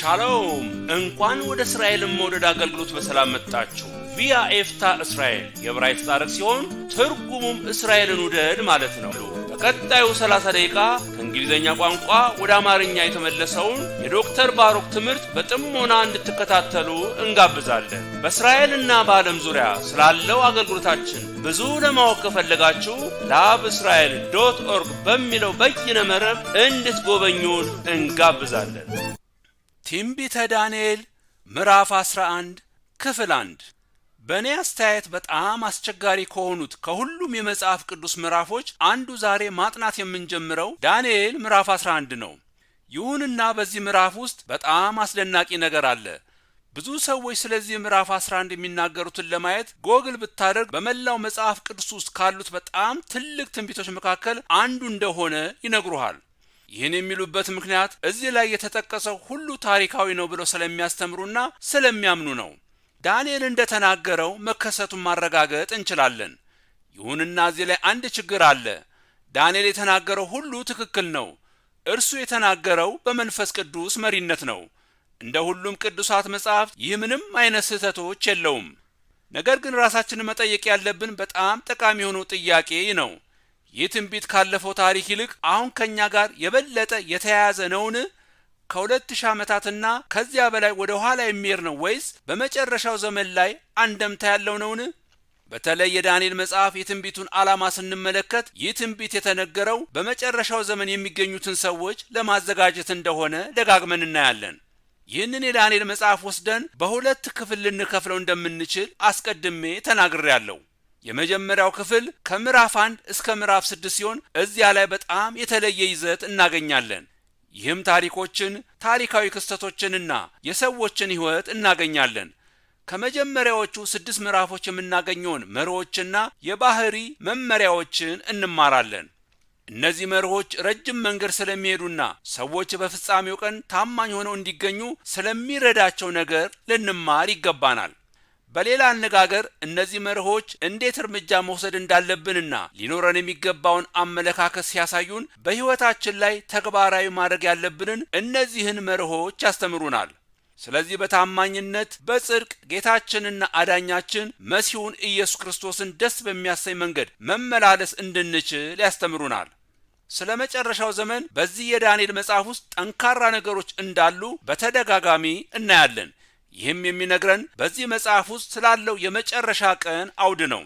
ሻሎም እንኳን ወደ እስራኤልን መውደድ አገልግሎት በሰላም መጣችሁ። ቪያ ኤፍታ እስራኤል የዕብራይስጥ ታሪክ ሲሆን ትርጉሙም እስራኤልን ውደድ ማለት ነው። በቀጣዩ 30 ደቂቃ ከእንግሊዝኛ ቋንቋ ወደ አማርኛ የተመለሰውን የዶክተር ባሮክ ትምህርት በጥሞና እንድትከታተሉ እንጋብዛለን። በእስራኤልና በዓለም ዙሪያ ስላለው አገልግሎታችን ብዙ ለማወቅ ከፈለጋችሁ ላብ እስራኤል ዶት ኦርግ በሚለው በይነ መረብ እንድትጎበኙን እንጋብዛለን። ትንቢተ ዳንኤል ምዕራፍ 11 ክፍል 1 በእኔ አስተያየት በጣም አስቸጋሪ ከሆኑት ከሁሉም የመጽሐፍ ቅዱስ ምዕራፎች አንዱ ዛሬ ማጥናት የምንጀምረው ዳንኤል ምዕራፍ 11 ነው። ይሁንና በዚህ ምዕራፍ ውስጥ በጣም አስደናቂ ነገር አለ። ብዙ ሰዎች ስለዚህ ምዕራፍ 11 የሚናገሩትን ለማየት ጎግል ብታደርግ በመላው መጽሐፍ ቅዱስ ውስጥ ካሉት በጣም ትልቅ ትንቢቶች መካከል አንዱ እንደሆነ ይነግሩሃል። ይህን የሚሉበት ምክንያት እዚህ ላይ የተጠቀሰው ሁሉ ታሪካዊ ነው ብለው ስለሚያስተምሩና ስለሚያምኑ ነው። ዳንኤል እንደተናገረው መከሰቱን ማረጋገጥ እንችላለን። ይሁንና እዚህ ላይ አንድ ችግር አለ። ዳንኤል የተናገረው ሁሉ ትክክል ነው። እርሱ የተናገረው በመንፈስ ቅዱስ መሪነት ነው። እንደ ሁሉም ቅዱሳት መጽሐፍት ይህ ምንም አይነት ስህተቶች የለውም። ነገር ግን ራሳችንን መጠየቅ ያለብን በጣም ጠቃሚ የሆነው ጥያቄ ነው። ይህ ትንቢት ካለፈው ታሪክ ይልቅ አሁን ከእኛ ጋር የበለጠ የተያያዘ ነውን? ከሁለት ሺህ ዓመታትና ከዚያ በላይ ወደ ኋላ የሚሄድ ነው ወይስ በመጨረሻው ዘመን ላይ አንደምታ ያለው ነውን? በተለይ የዳንኤል መጽሐፍ የትንቢቱን ዓላማ ስንመለከት ይህ ትንቢት የተነገረው በመጨረሻው ዘመን የሚገኙትን ሰዎች ለማዘጋጀት እንደሆነ ደጋግመን እናያለን። ይህንን የዳንኤል መጽሐፍ ወስደን በሁለት ክፍል ልንከፍለው እንደምንችል አስቀድሜ ተናግሬያለሁ። የመጀመሪያው ክፍል ከምዕራፍ አንድ እስከ ምዕራፍ ስድስት ሲሆን እዚያ ላይ በጣም የተለየ ይዘት እናገኛለን። ይህም ታሪኮችን፣ ታሪካዊ ክስተቶችንና የሰዎችን ሕይወት እናገኛለን። ከመጀመሪያዎቹ ስድስት ምዕራፎች የምናገኘውን መርሆችና የባህሪ መመሪያዎችን እንማራለን። እነዚህ መርሆች ረጅም መንገድ ስለሚሄዱና ሰዎች በፍጻሜው ቀን ታማኝ ሆነው እንዲገኙ ስለሚረዳቸው ነገር ልንማር ይገባናል። በሌላ አነጋገር እነዚህ መርሆች እንዴት እርምጃ መውሰድ እንዳለብንና ሊኖረን የሚገባውን አመለካከት ሲያሳዩን በሕይወታችን ላይ ተግባራዊ ማድረግ ያለብንን እነዚህን መርሆች ያስተምሩናል። ስለዚህ በታማኝነት በጽድቅ ጌታችንና አዳኛችን መሲሁን ኢየሱስ ክርስቶስን ደስ በሚያሰኝ መንገድ መመላለስ እንድንችል ያስተምሩናል። ስለ መጨረሻው ዘመን በዚህ የዳንኤል መጽሐፍ ውስጥ ጠንካራ ነገሮች እንዳሉ በተደጋጋሚ እናያለን። ይህም የሚነግረን በዚህ መጽሐፍ ውስጥ ስላለው የመጨረሻ ቀን አውድ ነው።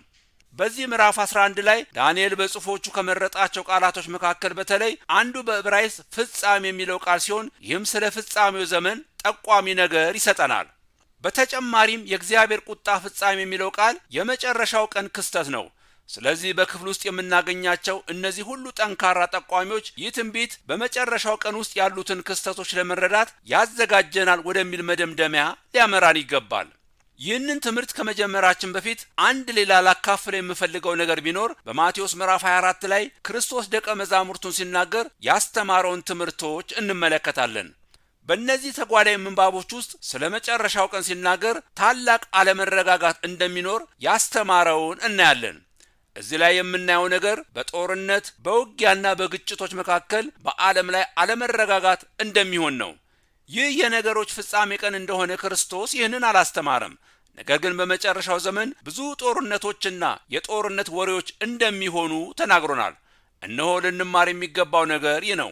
በዚህ ምዕራፍ 11 ላይ ዳንኤል በጽሑፎቹ ከመረጣቸው ቃላቶች መካከል በተለይ አንዱ በዕብራይስ ፍጻሜ የሚለው ቃል ሲሆን ይህም ስለ ፍጻሜው ዘመን ጠቋሚ ነገር ይሰጠናል። በተጨማሪም የእግዚአብሔር ቁጣ ፍጻሜ የሚለው ቃል የመጨረሻው ቀን ክስተት ነው። ስለዚህ በክፍል ውስጥ የምናገኛቸው እነዚህ ሁሉ ጠንካራ ጠቋሚዎች ይህ ትንቢት በመጨረሻው ቀን ውስጥ ያሉትን ክስተቶች ለመረዳት ያዘጋጀናል ወደሚል መደምደሚያ ሊያመራን ይገባል። ይህንን ትምህርት ከመጀመራችን በፊት አንድ ሌላ ላካፍለ የምፈልገው ነገር ቢኖር በማቴዎስ ምዕራፍ 24 ላይ ክርስቶስ ደቀ መዛሙርቱን ሲናገር ያስተማረውን ትምህርቶች እንመለከታለን። በእነዚህ ተጓዳይ ምንባቦች ውስጥ ስለ መጨረሻው ቀን ሲናገር ታላቅ አለመረጋጋት እንደሚኖር ያስተማረውን እናያለን። እዚህ ላይ የምናየው ነገር በጦርነት በውጊያና በግጭቶች መካከል በዓለም ላይ አለመረጋጋት እንደሚሆን ነው። ይህ የነገሮች ፍጻሜ ቀን እንደሆነ ክርስቶስ ይህንን አላስተማረም። ነገር ግን በመጨረሻው ዘመን ብዙ ጦርነቶችና የጦርነት ወሬዎች እንደሚሆኑ ተናግሮናል። እነሆ ልንማር የሚገባው ነገር ይህ ነው።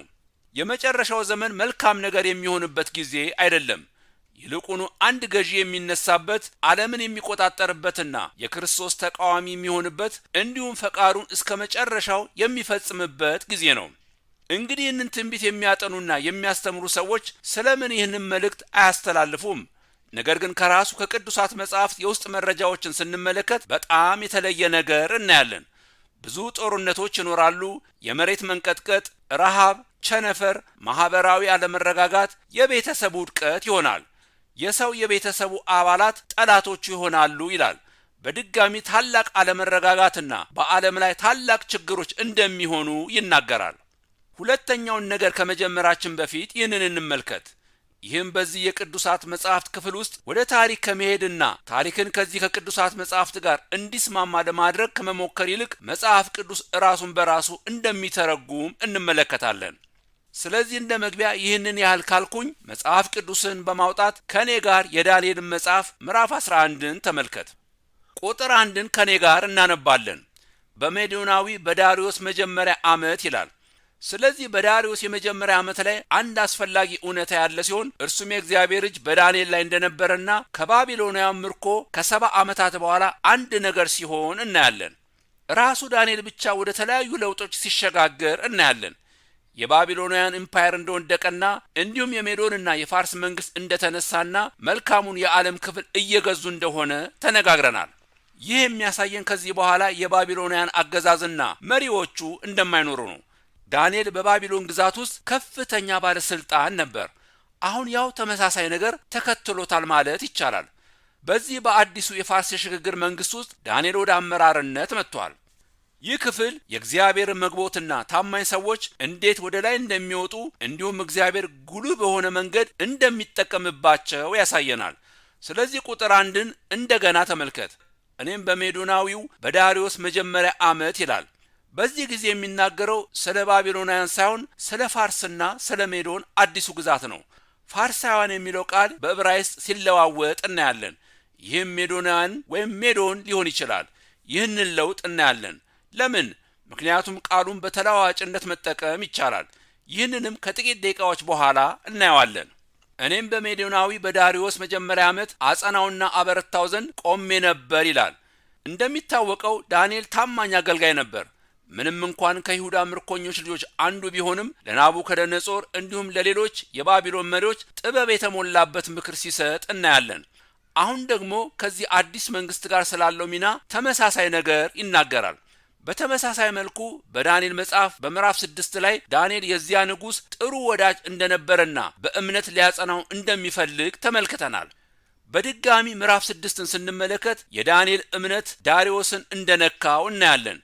የመጨረሻው ዘመን መልካም ነገር የሚሆንበት ጊዜ አይደለም። ይልቁኑ አንድ ገዢ የሚነሳበት ዓለምን የሚቆጣጠርበትና የክርስቶስ ተቃዋሚ የሚሆንበት እንዲሁም ፈቃዱን እስከ መጨረሻው የሚፈጽምበት ጊዜ ነው። እንግዲህ ይህንን ትንቢት የሚያጠኑና የሚያስተምሩ ሰዎች ስለምን ይህንን መልእክት አያስተላልፉም? ነገር ግን ከራሱ ከቅዱሳት መጻሕፍት የውስጥ መረጃዎችን ስንመለከት በጣም የተለየ ነገር እናያለን። ብዙ ጦርነቶች ይኖራሉ። የመሬት መንቀጥቀጥ፣ ረሃብ፣ ቸነፈር፣ ማህበራዊ አለመረጋጋት፣ የቤተሰብ ውድቀት ይሆናል። የሰው የቤተሰቡ አባላት ጠላቶቹ ይሆናሉ ይላል። በድጋሚ ታላቅ አለመረጋጋትና በዓለም ላይ ታላቅ ችግሮች እንደሚሆኑ ይናገራል። ሁለተኛውን ነገር ከመጀመራችን በፊት ይህንን እንመልከት። ይህም በዚህ የቅዱሳት መጽሐፍት ክፍል ውስጥ ወደ ታሪክ ከመሄድና ታሪክን ከዚህ ከቅዱሳት መጽሐፍት ጋር እንዲስማማ ለማድረግ ከመሞከር ይልቅ መጽሐፍ ቅዱስ ራሱን በራሱ እንደሚተረጉም እንመለከታለን። ስለዚህ እንደ መግቢያ ይህንን ያህል ካልኩኝ መጽሐፍ ቅዱስን በማውጣት ከእኔ ጋር የዳንኤልን መጽሐፍ ምዕራፍ 11ን ተመልከት። ቁጥር አንድን ከእኔ ጋር እናነባለን። በሜዶናዊ በዳሪዮስ መጀመሪያ ዓመት ይላል። ስለዚህ በዳሪዮስ የመጀመሪያ ዓመት ላይ አንድ አስፈላጊ እውነታ ያለ ሲሆን እርሱም የእግዚአብሔር እጅ በዳንኤል ላይ እንደነበረና ከባቢሎናውያን ምርኮ ከሰባ ዓመታት በኋላ አንድ ነገር ሲሆን እናያለን። ራሱ ዳንኤል ብቻ ወደ ተለያዩ ለውጦች ሲሸጋገር እናያለን። የባቢሎናውያን ኢምፓየር እንደወደቀና እንዲሁም የሜዶንና የፋርስ መንግስት እንደተነሳና መልካሙን የዓለም ክፍል እየገዙ እንደሆነ ተነጋግረናል። ይህ የሚያሳየን ከዚህ በኋላ የባቢሎናውያን አገዛዝና መሪዎቹ እንደማይኖሩ ነው። ዳንኤል በባቢሎን ግዛት ውስጥ ከፍተኛ ባለስልጣን ነበር። አሁን ያው ተመሳሳይ ነገር ተከትሎታል ማለት ይቻላል። በዚህ በአዲሱ የፋርስ የሽግግር መንግስት ውስጥ ዳንኤል ወደ አመራርነት መጥቷል። ይህ ክፍል የእግዚአብሔር መግቦትና ታማኝ ሰዎች እንዴት ወደ ላይ እንደሚወጡ እንዲሁም እግዚአብሔር ጉልህ በሆነ መንገድ እንደሚጠቀምባቸው ያሳየናል። ስለዚህ ቁጥር አንድን እንደገና ተመልከት። እኔም በሜዶናዊው በዳሪዎስ መጀመሪያ ዓመት ይላል። በዚህ ጊዜ የሚናገረው ስለ ባቢሎናውያን ሳይሆን ስለ ፋርስና ስለ ሜዶን አዲሱ ግዛት ነው። ፋርሳውያን የሚለው ቃል በዕብራይስጥ ሲለዋወጥ እናያለን። ይህም ሜዶናውያን ወይም ሜዶን ሊሆን ይችላል። ይህንን ለውጥ እናያለን። ለምን? ምክንያቱም ቃሉን በተለዋዋጭነት መጠቀም ይቻላል። ይህንንም ከጥቂት ደቂቃዎች በኋላ እናየዋለን። እኔም በሜዶናዊ በዳሪዎስ መጀመሪያ ዓመት አጸናውና አበረታው ዘንድ ቆሜ ነበር ይላል። እንደሚታወቀው ዳንኤል ታማኝ አገልጋይ ነበር። ምንም እንኳን ከይሁዳ ምርኮኞች ልጆች አንዱ ቢሆንም ለናቡከደነጾር እንዲሁም ለሌሎች የባቢሎን መሪዎች ጥበብ የተሞላበት ምክር ሲሰጥ እናያለን። አሁን ደግሞ ከዚህ አዲስ መንግስት ጋር ስላለው ሚና ተመሳሳይ ነገር ይናገራል። በተመሳሳይ መልኩ በዳንኤል መጽሐፍ በምዕራፍ ስድስት ላይ ዳንኤል የዚያ ንጉሥ ጥሩ ወዳጅ እንደነበረና በእምነት ሊያጸናው እንደሚፈልግ ተመልክተናል። በድጋሚ ምዕራፍ ስድስትን ስንመለከት የዳንኤል እምነት ዳሪዎስን እንደነካው እናያለን።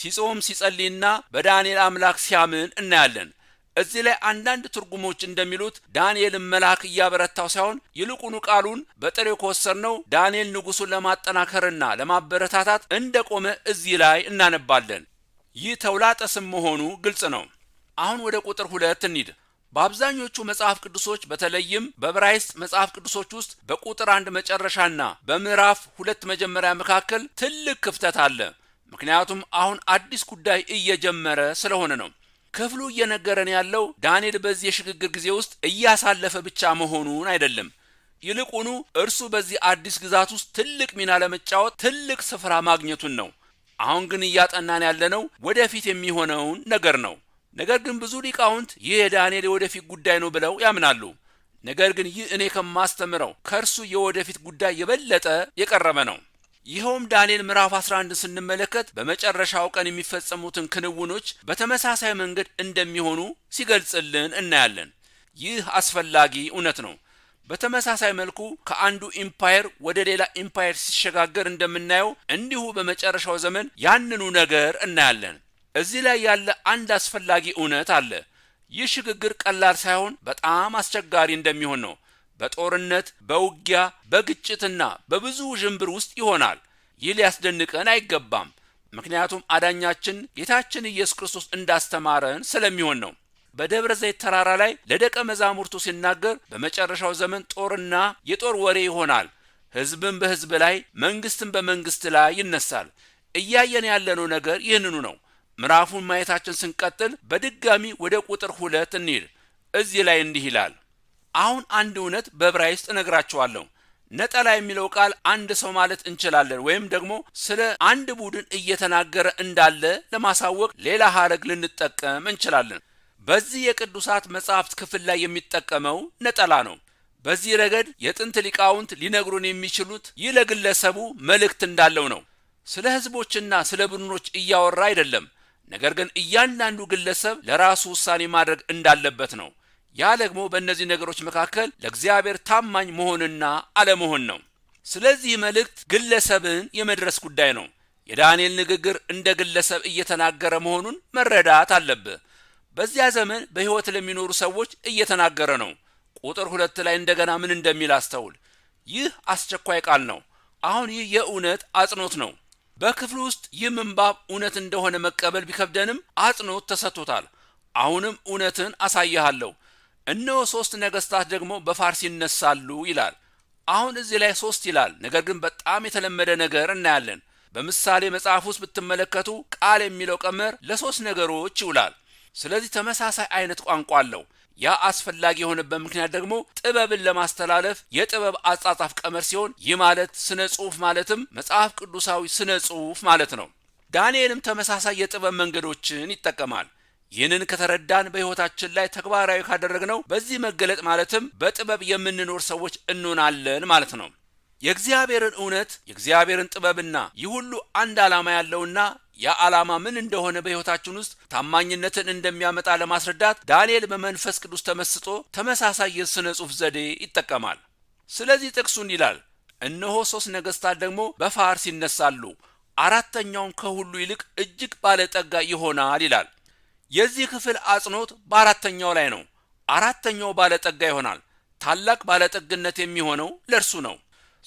ሲጾም ሲጸልይና በዳንኤል አምላክ ሲያምን እናያለን። እዚህ ላይ አንዳንድ ትርጉሞች እንደሚሉት ዳንኤልን መልአክ እያበረታው ሳይሆን ይልቁኑ ቃሉን በጥሬው ከወሰድነው ዳንኤል ንጉሱን ለማጠናከርና ለማበረታታት እንደቆመ እዚህ ላይ እናነባለን። ይህ ተውላጠ ስም መሆኑ ግልጽ ነው። አሁን ወደ ቁጥር ሁለት እንሂድ። በአብዛኞቹ መጽሐፍ ቅዱሶች በተለይም በብራይስ መጽሐፍ ቅዱሶች ውስጥ በቁጥር አንድ መጨረሻና በምዕራፍ ሁለት መጀመሪያ መካከል ትልቅ ክፍተት አለ። ምክንያቱም አሁን አዲስ ጉዳይ እየጀመረ ስለሆነ ነው። ክፍሉ እየነገረን ያለው ዳንኤል በዚህ የሽግግር ጊዜ ውስጥ እያሳለፈ ብቻ መሆኑን አይደለም። ይልቁኑ እርሱ በዚህ አዲስ ግዛት ውስጥ ትልቅ ሚና ለመጫወት ትልቅ ስፍራ ማግኘቱን ነው። አሁን ግን እያጠናን ያለነው ወደፊት የሚሆነውን ነገር ነው። ነገር ግን ብዙ ሊቃውንት ይህ የዳንኤል የወደፊት ጉዳይ ነው ብለው ያምናሉ። ነገር ግን ይህ እኔ ከማስተምረው ከእርሱ የወደፊት ጉዳይ የበለጠ የቀረበ ነው። ይኸውም ዳንኤል ምዕራፍ 11 ስንመለከት በመጨረሻው ቀን የሚፈጸሙትን ክንውኖች በተመሳሳይ መንገድ እንደሚሆኑ ሲገልጽልን እናያለን። ይህ አስፈላጊ እውነት ነው። በተመሳሳይ መልኩ ከአንዱ ኢምፓየር ወደ ሌላ ኢምፓየር ሲሸጋገር እንደምናየው እንዲሁ በመጨረሻው ዘመን ያንኑ ነገር እናያለን። እዚህ ላይ ያለ አንድ አስፈላጊ እውነት አለ። ይህ ሽግግር ቀላል ሳይሆን በጣም አስቸጋሪ እንደሚሆን ነው። በጦርነት በውጊያ በግጭትና በብዙ ዥንብር ውስጥ ይሆናል። ይህ ሊያስደንቀን አይገባም፣ ምክንያቱም አዳኛችን ጌታችን ኢየሱስ ክርስቶስ እንዳስተማረን ስለሚሆን ነው። በደብረ ዘይት ተራራ ላይ ለደቀ መዛሙርቱ ሲናገር በመጨረሻው ዘመን ጦርና የጦር ወሬ ይሆናል፣ ሕዝብም በሕዝብ ላይ መንግስትም በመንግስት ላይ ይነሳል። እያየን ያለነው ነገር ይህንኑ ነው። ምዕራፉን ማየታችን ስንቀጥል በድጋሚ ወደ ቁጥር ሁለት እንሂድ። እዚህ ላይ እንዲህ ይላል አሁን አንድ እውነት በዕብራይስጥ እነግራችኋለሁ። ነጠላ የሚለው ቃል አንድ ሰው ማለት እንችላለን፣ ወይም ደግሞ ስለ አንድ ቡድን እየተናገረ እንዳለ ለማሳወቅ ሌላ ሐረግ ልንጠቀም እንችላለን። በዚህ የቅዱሳት መጻሕፍት ክፍል ላይ የሚጠቀመው ነጠላ ነው። በዚህ ረገድ የጥንት ሊቃውንት ሊነግሩን የሚችሉት ይህ ለግለሰቡ መልእክት እንዳለው ነው። ስለ ሕዝቦችና ስለ ቡድኖች እያወራ አይደለም፣ ነገር ግን እያንዳንዱ ግለሰብ ለራሱ ውሳኔ ማድረግ እንዳለበት ነው። ያ ደግሞ በእነዚህ ነገሮች መካከል ለእግዚአብሔር ታማኝ መሆንና አለመሆን ነው። ስለዚህ መልእክት ግለሰብን የመድረስ ጉዳይ ነው። የዳንኤል ንግግር እንደ ግለሰብ እየተናገረ መሆኑን መረዳት አለብህ። በዚያ ዘመን በሕይወት ለሚኖሩ ሰዎች እየተናገረ ነው። ቁጥር ሁለት ላይ እንደገና ምን እንደሚል አስተውል። ይህ አስቸኳይ ቃል ነው። አሁን ይህ የእውነት አጽንኦት ነው። በክፍሉ ውስጥ ይህ ምንባብ እውነት እንደሆነ መቀበል ቢከብደንም አጽንኦት ተሰጥቶታል። አሁንም እውነትን አሳይሃለሁ እነሆ ሶስት ነገስታት ደግሞ በፋርስ ይነሳሉ ይላል። አሁን እዚህ ላይ ሶስት ይላል፣ ነገር ግን በጣም የተለመደ ነገር እናያለን። በምሳሌ መጽሐፍ ውስጥ ብትመለከቱ ቃል የሚለው ቀመር ለሶስት ነገሮች ይውላል። ስለዚህ ተመሳሳይ አይነት ቋንቋ አለው። ያ አስፈላጊ የሆነበት ምክንያት ደግሞ ጥበብን ለማስተላለፍ የጥበብ አጻጻፍ ቀመር ሲሆን ይህ ማለት ስነ ጽሁፍ ማለትም መጽሐፍ ቅዱሳዊ ስነ ጽሁፍ ማለት ነው። ዳንኤልም ተመሳሳይ የጥበብ መንገዶችን ይጠቀማል። ይህንን ከተረዳን በሕይወታችን ላይ ተግባራዊ ካደረግነው በዚህ መገለጥ ማለትም በጥበብ የምንኖር ሰዎች እንሆናለን ማለት ነው። የእግዚአብሔርን እውነት የእግዚአብሔርን ጥበብና ይህ ሁሉ አንድ ዓላማ ያለውና ያ ዓላማ ምን እንደሆነ በሕይወታችን ውስጥ ታማኝነትን እንደሚያመጣ ለማስረዳት ዳንኤል በመንፈስ ቅዱስ ተመስጦ ተመሳሳይ የሥነ ጽሑፍ ዘዴ ይጠቀማል። ስለዚህ ጥቅሱን ይላል፣ እነሆ ሦስት ነገሥታት ደግሞ በፋርስ ይነሳሉ፣ አራተኛውም ከሁሉ ይልቅ እጅግ ባለጠጋ ይሆናል ይላል። የዚህ ክፍል አጽንኦት በአራተኛው ላይ ነው። አራተኛው ባለጠጋ ይሆናል። ታላቅ ባለጠግነት የሚሆነው ለእርሱ ነው።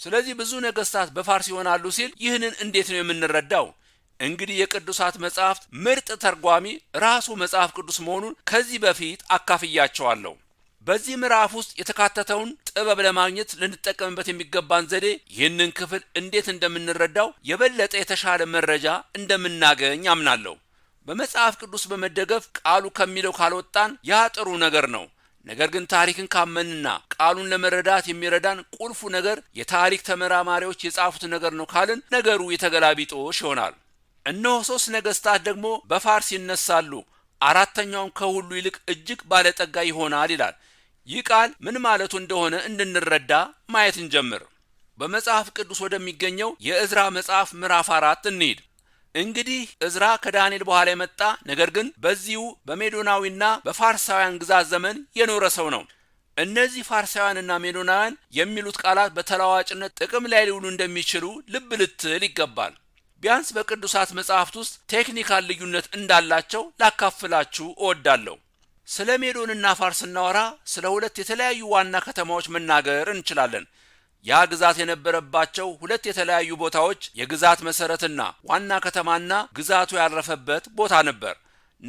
ስለዚህ ብዙ ነገስታት በፋርስ ይሆናሉ ሲል ይህንን እንዴት ነው የምንረዳው? እንግዲህ የቅዱሳት መጽሐፍት ምርጥ ተርጓሚ ራሱ መጽሐፍ ቅዱስ መሆኑን ከዚህ በፊት አካፍያቸዋለሁ። በዚህ ምዕራፍ ውስጥ የተካተተውን ጥበብ ለማግኘት ልንጠቀምበት የሚገባን ዘዴ ይህንን ክፍል እንዴት እንደምንረዳው የበለጠ የተሻለ መረጃ እንደምናገኝ አምናለሁ። በመጽሐፍ ቅዱስ በመደገፍ ቃሉ ከሚለው ካልወጣን ያ ጥሩ ነገር ነው። ነገር ግን ታሪክን ካመንና ቃሉን ለመረዳት የሚረዳን ቁልፉ ነገር የታሪክ ተመራማሪዎች የጻፉት ነገር ነው ካልን ነገሩ የተገላቢጦሽ ይሆናል። እነሆ ሶስት ነገስታት ደግሞ በፋርስ ይነሳሉ፣ አራተኛውም ከሁሉ ይልቅ እጅግ ባለጠጋ ይሆናል ይላል። ይህ ቃል ምን ማለቱ እንደሆነ እንድንረዳ ማየት እንጀምር። በመጽሐፍ ቅዱስ ወደሚገኘው የእዝራ መጽሐፍ ምዕራፍ አራት እንሂድ። እንግዲህ እዝራ ከዳንኤል በኋላ የመጣ ነገር ግን በዚሁ በሜዶናዊና በፋርሳውያን ግዛት ዘመን የኖረ ሰው ነው። እነዚህ ፋርሳውያንና ሜዶናውያን የሚሉት ቃላት በተለዋዋጭነት ጥቅም ላይ ሊውሉ እንደሚችሉ ልብ ልትል ይገባል። ቢያንስ በቅዱሳት መጽሐፍት ውስጥ ቴክኒካል ልዩነት እንዳላቸው ላካፍላችሁ እወዳለሁ። ስለ ሜዶንና ፋርስ ስናወራ ስለ ሁለት የተለያዩ ዋና ከተማዎች መናገር እንችላለን። ያ ግዛት የነበረባቸው ሁለት የተለያዩ ቦታዎች የግዛት መሰረትና ዋና ከተማና ግዛቱ ያረፈበት ቦታ ነበር።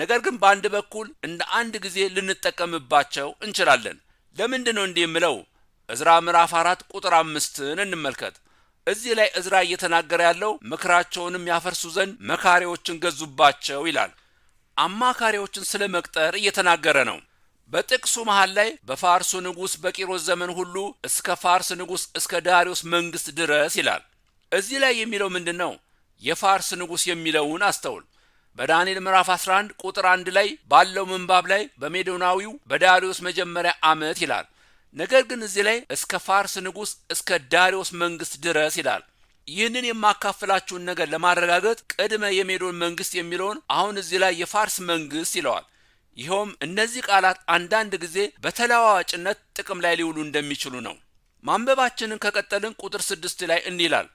ነገር ግን በአንድ በኩል እንደ አንድ ጊዜ ልንጠቀምባቸው እንችላለን። ለምንድን ነው እንዲህ የምለው? እዝራ ምዕራፍ አራት ቁጥር አምስትን እንመልከት። እዚህ ላይ እዝራ እየተናገረ ያለው ምክራቸውንም ያፈርሱ ዘንድ መካሪዎችን ገዙባቸው ይላል። አማካሪዎችን ስለ መቅጠር እየተናገረ ነው። በጥቅሱ መሃል ላይ በፋርሱ ንጉሥ በቂሮስ ዘመን ሁሉ እስከ ፋርስ ንጉሥ እስከ ዳሪዮስ መንግስት ድረስ ይላል። እዚህ ላይ የሚለው ምንድን ነው? የፋርስ ንጉሥ የሚለውን አስተውል። በዳንኤል ምዕራፍ 11 ቁጥር 1 ላይ ባለው ምንባብ ላይ በሜዶናዊው በዳሪዮስ መጀመሪያ ዓመት ይላል። ነገር ግን እዚህ ላይ እስከ ፋርስ ንጉሥ እስከ ዳሪዮስ መንግስት ድረስ ይላል። ይህንን የማካፍላችሁን ነገር ለማረጋገጥ ቅድመ የሜዶን መንግስት የሚለውን አሁን እዚህ ላይ የፋርስ መንግስት ይለዋል። ይኸውም እነዚህ ቃላት አንዳንድ ጊዜ በተለዋዋጭነት ጥቅም ላይ ሊውሉ እንደሚችሉ ነው። ማንበባችንን ከቀጠልን ቁጥር ስድስት ላይ ይላል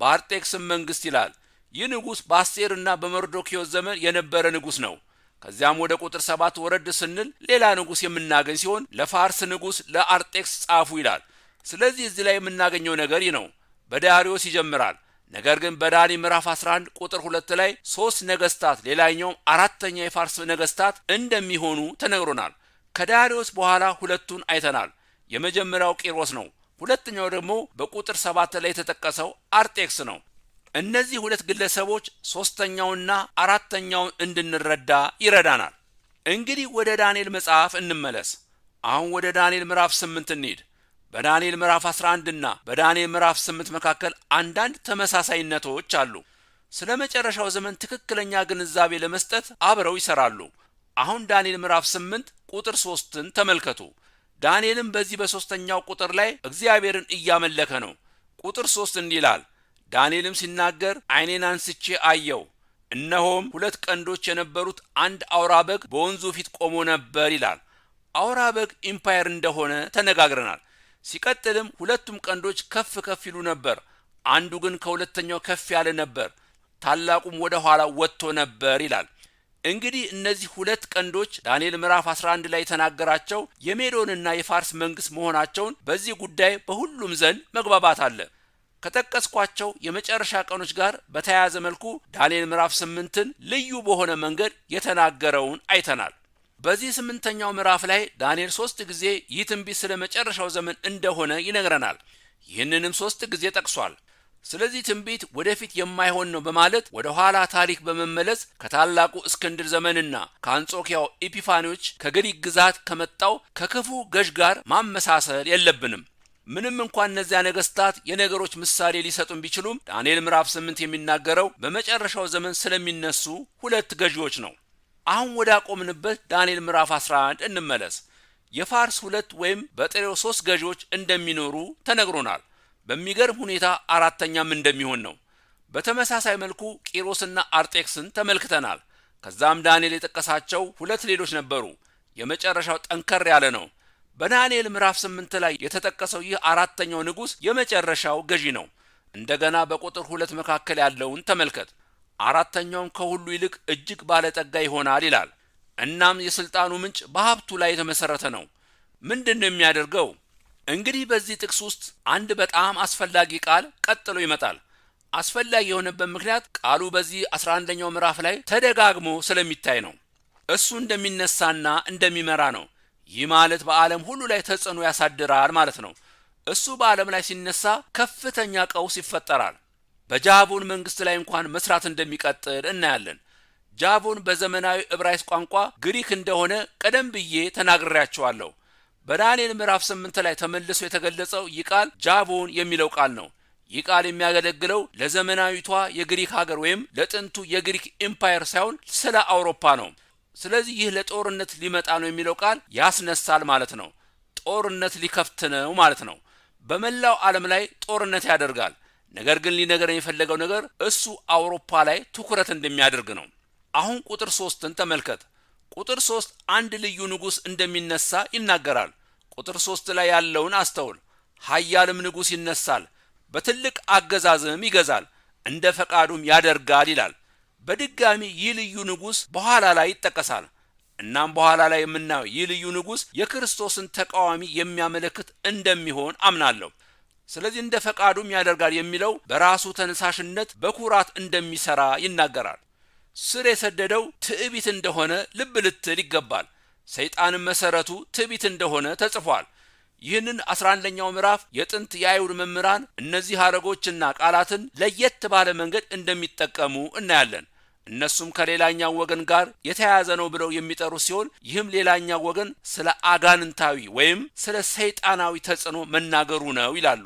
በአርጤክስም መንግስት ይላል። ይህ ንጉሥ በአስቴርና በመርዶኪዎስ ዘመን የነበረ ንጉሥ ነው። ከዚያም ወደ ቁጥር ሰባት ወረድ ስንል ሌላ ንጉሥ የምናገኝ ሲሆን ለፋርስ ንጉሥ ለአርጤክስ ጻፉ ይላል። ስለዚህ እዚህ ላይ የምናገኘው ነገር ይህ ነው። በዳሪዮስ ይጀምራል። ነገር ግን በዳኒ ምዕራፍ 11 ቁጥር 2 ላይ ሶስት ነገስታት ሌላኛውም አራተኛ የፋርስ ነገስታት እንደሚሆኑ ተነግሮናል። ከዳሪዎስ በኋላ ሁለቱን አይተናል። የመጀመሪያው ቂሮስ ነው። ሁለተኛው ደግሞ በቁጥር 7 ላይ የተጠቀሰው አርጤክስ ነው። እነዚህ ሁለት ግለሰቦች ሶስተኛውና አራተኛውን እንድንረዳ ይረዳናል። እንግዲህ ወደ ዳንኤል መጽሐፍ እንመለስ። አሁን ወደ ዳንኤል ምዕራፍ ስምንት እንሂድ። በዳንኤል ምዕራፍ 11 እና በዳንኤል ምዕራፍ 8 መካከል አንዳንድ ተመሳሳይነቶች አሉ። ስለ መጨረሻው ዘመን ትክክለኛ ግንዛቤ ለመስጠት አብረው ይሰራሉ። አሁን ዳንኤል ምዕራፍ 8 ቁጥር 3ን ተመልከቱ። ዳንኤልም በዚህ በሶስተኛው ቁጥር ላይ እግዚአብሔርን እያመለከ ነው። ቁጥር 3 እንዲህ ይላል፣ ዳንኤልም ሲናገር ዓይኔን አንስቼ አየው፣ እነሆም ሁለት ቀንዶች የነበሩት አንድ አውራ በግ በወንዙ ፊት ቆሞ ነበር ይላል። አውራ በግ ኢምፓየር እንደሆነ ተነጋግረናል። ሲቀጥልም ሁለቱም ቀንዶች ከፍ ከፍ ይሉ ነበር፣ አንዱ ግን ከሁለተኛው ከፍ ያለ ነበር፣ ታላቁም ወደ ኋላ ወጥቶ ነበር ይላል። እንግዲህ እነዚህ ሁለት ቀንዶች ዳንኤል ምዕራፍ 11 ላይ የተናገራቸው የሜዶንና የፋርስ መንግስት መሆናቸውን በዚህ ጉዳይ በሁሉም ዘንድ መግባባት አለ። ከጠቀስኳቸው የመጨረሻ ቀኖች ጋር በተያያዘ መልኩ ዳንኤል ምዕራፍ 8ን ልዩ በሆነ መንገድ የተናገረውን አይተናል። በዚህ ስምንተኛው ምዕራፍ ላይ ዳንኤል ሶስት ጊዜ ይህ ትንቢት ስለ መጨረሻው ዘመን እንደሆነ ይነግረናል። ይህንንም ሶስት ጊዜ ጠቅሷል። ስለዚህ ትንቢት ወደፊት የማይሆን ነው በማለት ወደ ኋላ ታሪክ በመመለስ ከታላቁ እስክንድር ዘመንና ከአንጾኪያው ኢፒፋኒዎች ከግሪክ ግዛት ከመጣው ከክፉ ገዥ ጋር ማመሳሰል የለብንም። ምንም እንኳን እነዚያ ነገስታት የነገሮች ምሳሌ ሊሰጡን ቢችሉም ዳንኤል ምዕራፍ ስምንት የሚናገረው በመጨረሻው ዘመን ስለሚነሱ ሁለት ገዢዎች ነው። አሁን ወዳቆምንበት ዳንኤል ምዕራፍ 11 እንመለስ። የፋርስ ሁለት ወይም በጥሬው ሶስት ገዢዎች እንደሚኖሩ ተነግሮናል። በሚገርም ሁኔታ አራተኛም እንደሚሆን ነው። በተመሳሳይ መልኩ ቂሮስና አርጤክስን ተመልክተናል። ከዛም ዳንኤል የጠቀሳቸው ሁለት ሌሎች ነበሩ። የመጨረሻው ጠንከር ያለ ነው። በዳንኤል ምዕራፍ ስምንት ላይ የተጠቀሰው ይህ አራተኛው ንጉሥ የመጨረሻው ገዢ ነው። እንደገና በቁጥር ሁለት መካከል ያለውን ተመልከት። አራተኛውም ከሁሉ ይልቅ እጅግ ባለጠጋ ይሆናል ይላል። እናም የስልጣኑ ምንጭ በሀብቱ ላይ የተመሰረተ ነው። ምንድን ነው የሚያደርገው? እንግዲህ በዚህ ጥቅስ ውስጥ አንድ በጣም አስፈላጊ ቃል ቀጥሎ ይመጣል። አስፈላጊ የሆነበት ምክንያት ቃሉ በዚህ 11ኛው ምዕራፍ ላይ ተደጋግሞ ስለሚታይ ነው። እሱ እንደሚነሳና እንደሚመራ ነው። ይህ ማለት በዓለም ሁሉ ላይ ተጽዕኖ ያሳድራል ማለት ነው። እሱ በዓለም ላይ ሲነሳ ከፍተኛ ቀውስ ይፈጠራል። በጃቡን መንግስት ላይ እንኳን መስራት እንደሚቀጥል እናያለን። ጃቡን በዘመናዊ ዕብራይስ ቋንቋ ግሪክ እንደሆነ ቀደም ብዬ ተናግሬያቸዋለሁ። በዳንኤል ምዕራፍ 8 ላይ ተመልሶ የተገለጸው ይህ ቃል ጃቮን የሚለው ቃል ነው። ይህ ቃል የሚያገለግለው ለዘመናዊቷ የግሪክ ሀገር ወይም ለጥንቱ የግሪክ ኢምፓየር ሳይሆን ስለ አውሮፓ ነው። ስለዚህ ይህ ለጦርነት ሊመጣ ነው የሚለው ቃል ያስነሳል ማለት ነው። ጦርነት ሊከፍት ነው ማለት ነው። በመላው ዓለም ላይ ጦርነት ያደርጋል። ነገር ግን ሊነገረን የፈለገው ነገር እሱ አውሮፓ ላይ ትኩረት እንደሚያደርግ ነው። አሁን ቁጥር ሶስትን ተመልከት። ቁጥር ሶስት አንድ ልዩ ንጉሥ እንደሚነሳ ይናገራል። ቁጥር ሶስት ላይ ያለውን አስተውል። ኃያልም ንጉሥ ይነሳል፣ በትልቅ አገዛዝም ይገዛል፣ እንደ ፈቃዱም ያደርጋል ይላል። በድጋሚ ይህ ልዩ ንጉሥ በኋላ ላይ ይጠቀሳል። እናም በኋላ ላይ የምናየው ይህ ልዩ ንጉሥ የክርስቶስን ተቃዋሚ የሚያመለክት እንደሚሆን አምናለሁ። ስለዚህ እንደ ፈቃዱም ያደርጋል የሚለው በራሱ ተነሳሽነት በኩራት እንደሚሰራ ይናገራል። ስር የሰደደው ትዕቢት እንደሆነ ልብ ልትል ይገባል። ሰይጣንም መሰረቱ ትዕቢት እንደሆነ ተጽፏል። ይህንን አስራ አንደኛው ምዕራፍ የጥንት የአይሁድ መምህራን እነዚህ አረጎችና ቃላትን ለየት ባለ መንገድ እንደሚጠቀሙ እናያለን። እነሱም ከሌላኛው ወገን ጋር የተያያዘ ነው ብለው የሚጠሩ ሲሆን ይህም ሌላኛው ወገን ስለ አጋንንታዊ ወይም ስለ ሰይጣናዊ ተጽዕኖ መናገሩ ነው ይላሉ።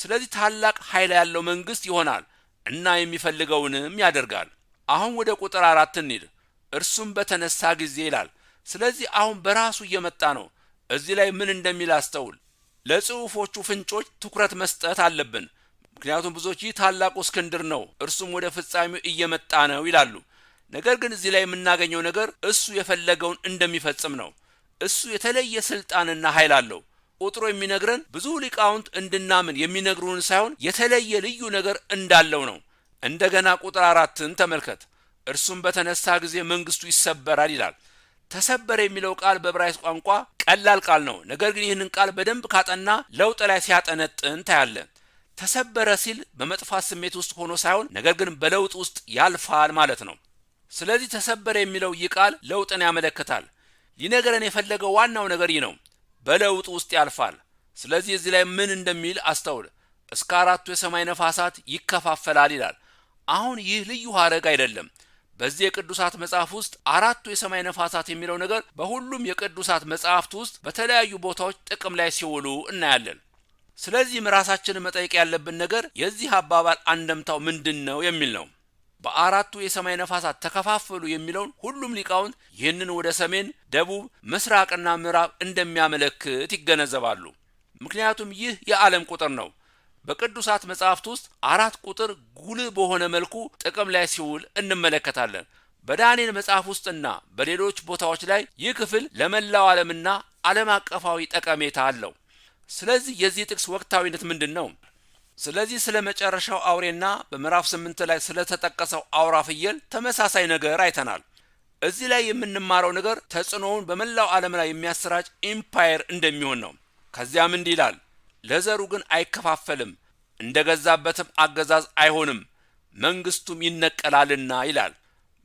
ስለዚህ ታላቅ ኃይል ያለው መንግስት ይሆናል እና የሚፈልገውንም ያደርጋል። አሁን ወደ ቁጥር አራት እንሂድ። እርሱም በተነሳ ጊዜ ይላል። ስለዚህ አሁን በራሱ እየመጣ ነው። እዚህ ላይ ምን እንደሚል አስተውል። ለጽሑፎቹ ፍንጮች ትኩረት መስጠት አለብን። ምክንያቱም ብዙዎች ይህ ታላቁ እስክንድር ነው፣ እርሱም ወደ ፍጻሜው እየመጣ ነው ይላሉ። ነገር ግን እዚህ ላይ የምናገኘው ነገር እሱ የፈለገውን እንደሚፈጽም ነው። እሱ የተለየ ስልጣንና ኃይል አለው። ቁጥሩ የሚነግረን ብዙ ሊቃውንት እንድናምን የሚነግሩን ሳይሆን የተለየ ልዩ ነገር እንዳለው ነው። እንደገና ቁጥር አራትን ተመልከት። እርሱም በተነሳ ጊዜ መንግስቱ ይሰበራል ይላል። ተሰበረ የሚለው ቃል በዕብራይስጥ ቋንቋ ቀላል ቃል ነው። ነገር ግን ይህንን ቃል በደንብ ካጠና ለውጥ ላይ ሲያጠነጥን ታያለን። ተሰበረ ሲል በመጥፋት ስሜት ውስጥ ሆኖ ሳይሆን ነገር ግን በለውጥ ውስጥ ያልፋል ማለት ነው። ስለዚህ ተሰበረ የሚለው ይህ ቃል ለውጥን ያመለክታል። ሊነገረን የፈለገው ዋናው ነገር ይህ ነው፣ በለውጥ ውስጥ ያልፋል። ስለዚህ እዚህ ላይ ምን እንደሚል አስተውል። እስከ አራቱ የሰማይ ነፋሳት ይከፋፈላል ይላል። አሁን ይህ ልዩ ሐረግ አይደለም። በዚህ የቅዱሳት መጽሐፍ ውስጥ አራቱ የሰማይ ነፋሳት የሚለው ነገር በሁሉም የቅዱሳት መጽሐፍት ውስጥ በተለያዩ ቦታዎች ጥቅም ላይ ሲውሉ እናያለን። ስለዚህም ራሳችንን መጠየቅ ያለብን ነገር የዚህ አባባል አንደምታው ምንድን ነው የሚል ነው። በአራቱ የሰማይ ነፋሳት ተከፋፈሉ የሚለውን ሁሉም ሊቃውንት ይህንን ወደ ሰሜን፣ ደቡብ፣ ምስራቅና ምዕራብ እንደሚያመለክት ይገነዘባሉ። ምክንያቱም ይህ የዓለም ቁጥር ነው። በቅዱሳት መጽሐፍት ውስጥ አራት ቁጥር ጉልህ በሆነ መልኩ ጥቅም ላይ ሲውል እንመለከታለን። በዳንኤል መጽሐፍ ውስጥና በሌሎች ቦታዎች ላይ ይህ ክፍል ለመላው ዓለምና ዓለም አቀፋዊ ጠቀሜታ አለው። ስለዚህ የዚህ ጥቅስ ወቅታዊነት ምንድን ነው? ስለዚህ ስለ መጨረሻው አውሬና በምዕራፍ ስምንት ላይ ስለተጠቀሰው አውራ ፍየል ተመሳሳይ ነገር አይተናል። እዚህ ላይ የምንማረው ነገር ተጽዕኖውን በመላው ዓለም ላይ የሚያሰራጭ ኢምፓየር እንደሚሆን ነው። ከዚያም እንዲህ ይላል፣ ለዘሩ ግን አይከፋፈልም፣ እንደ ገዛበትም አገዛዝ አይሆንም፣ መንግስቱም ይነቀላልና ይላል።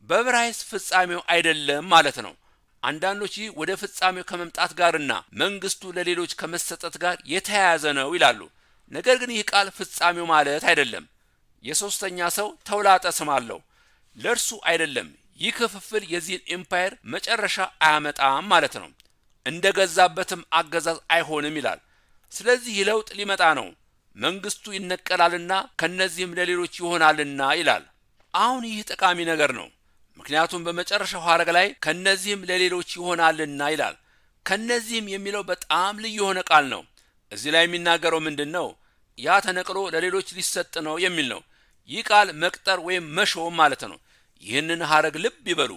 በብራይስ ፍጻሜው አይደለም ማለት ነው። አንዳንዶች ይህ ወደ ፍጻሜው ከመምጣት ጋርና መንግስቱ ለሌሎች ከመሰጠት ጋር የተያያዘ ነው ይላሉ። ነገር ግን ይህ ቃል ፍጻሜው ማለት አይደለም። የሶስተኛ ሰው ተውላጠ ስም አለው። ለእርሱ አይደለም። ይህ ክፍፍል የዚህን ኤምፓየር መጨረሻ አያመጣም ማለት ነው። እንደ ገዛበትም አገዛዝ አይሆንም ይላል። ስለዚህ ይህ ለውጥ ሊመጣ ነው። መንግስቱ ይነቀላልና ከነዚህም ለሌሎች ይሆናልና ይላል። አሁን ይህ ጠቃሚ ነገር ነው። ምክንያቱም በመጨረሻው ሐረግ ላይ ከነዚህም ለሌሎች ይሆናልና ይላል። ከነዚህም የሚለው በጣም ልዩ የሆነ ቃል ነው። እዚህ ላይ የሚናገረው ምንድን ነው? ያ ተነቅሎ ለሌሎች ሊሰጥ ነው የሚል ነው። ይህ ቃል መቅጠር ወይም መሾም ማለት ነው። ይህንን ሐረግ ልብ ይበሉ።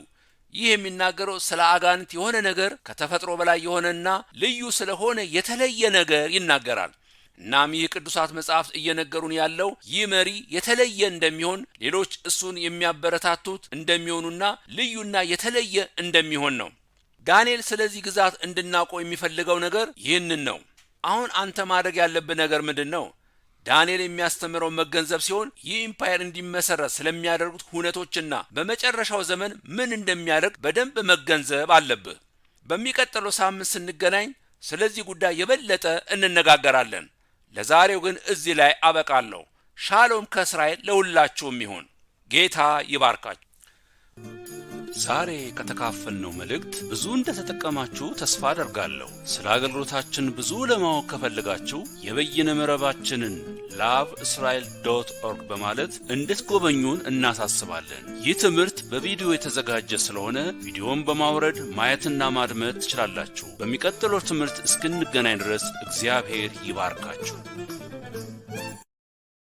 ይህ የሚናገረው ስለ አጋንንት የሆነ ነገር ከተፈጥሮ በላይ የሆነና ልዩ ስለሆነ የተለየ ነገር ይናገራል። እናም ይህ ቅዱሳት መጽሐፍት እየነገሩን ያለው ይህ መሪ የተለየ እንደሚሆን ሌሎች እሱን የሚያበረታቱት እንደሚሆኑና ልዩና የተለየ እንደሚሆን ነው። ዳንኤል ስለዚህ ግዛት እንድናውቀው የሚፈልገው ነገር ይህንን ነው። አሁን አንተ ማድረግ ያለብህ ነገር ምንድን ነው? ዳንኤል የሚያስተምረው መገንዘብ ሲሆን ይህ ኢምፓየር እንዲመሰረት ስለሚያደርጉት ሁነቶችና በመጨረሻው ዘመን ምን እንደሚያደርግ በደንብ መገንዘብ አለብህ። በሚቀጥለው ሳምንት ስንገናኝ ስለዚህ ጉዳይ የበለጠ እንነጋገራለን። ለዛሬው ግን እዚህ ላይ አበቃለሁ። ሻሎም ከእስራኤል ለሁላችሁም ይሁን። ጌታ ይባርካችሁ። ዛሬ ከተካፈልነው መልእክት ብዙ እንደተጠቀማችሁ ተስፋ አደርጋለሁ። ስለ አገልግሎታችን ብዙ ለማወቅ ከፈልጋችሁ የበይነ መረባችንን ላቭ እስራኤል ዶት ኦርግ በማለት እንድትጎበኙን እናሳስባለን። ይህ ትምህርት በቪዲዮ የተዘጋጀ ስለሆነ ቪዲዮን በማውረድ ማየትና ማድመጥ ትችላላችሁ። በሚቀጥለው ትምህርት እስክንገናኝ ድረስ እግዚአብሔር ይባርካችሁ።